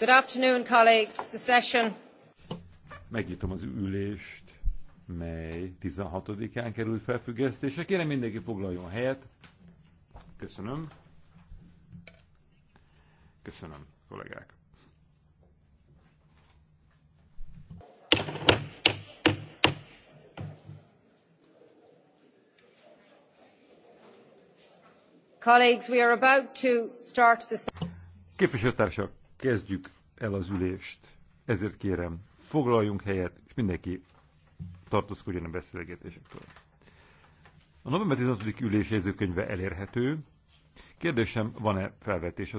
Good afternoon, colleagues. The session. Megnyitom az ülést, mely 16-án került felfüggesztésre. Kérem mindenki foglaljon helyet. Köszönöm. Köszönöm, kollégák. Colleagues, we are about to start this... Képviselőtársak, kezdjük el az ülést. Ezért kérem, foglaljunk helyet, és mindenki tartózkodjon a beszélgetésektől. A november 16. ülés jegyzőkönyve elérhető. Kérdésem, van-e felvetés az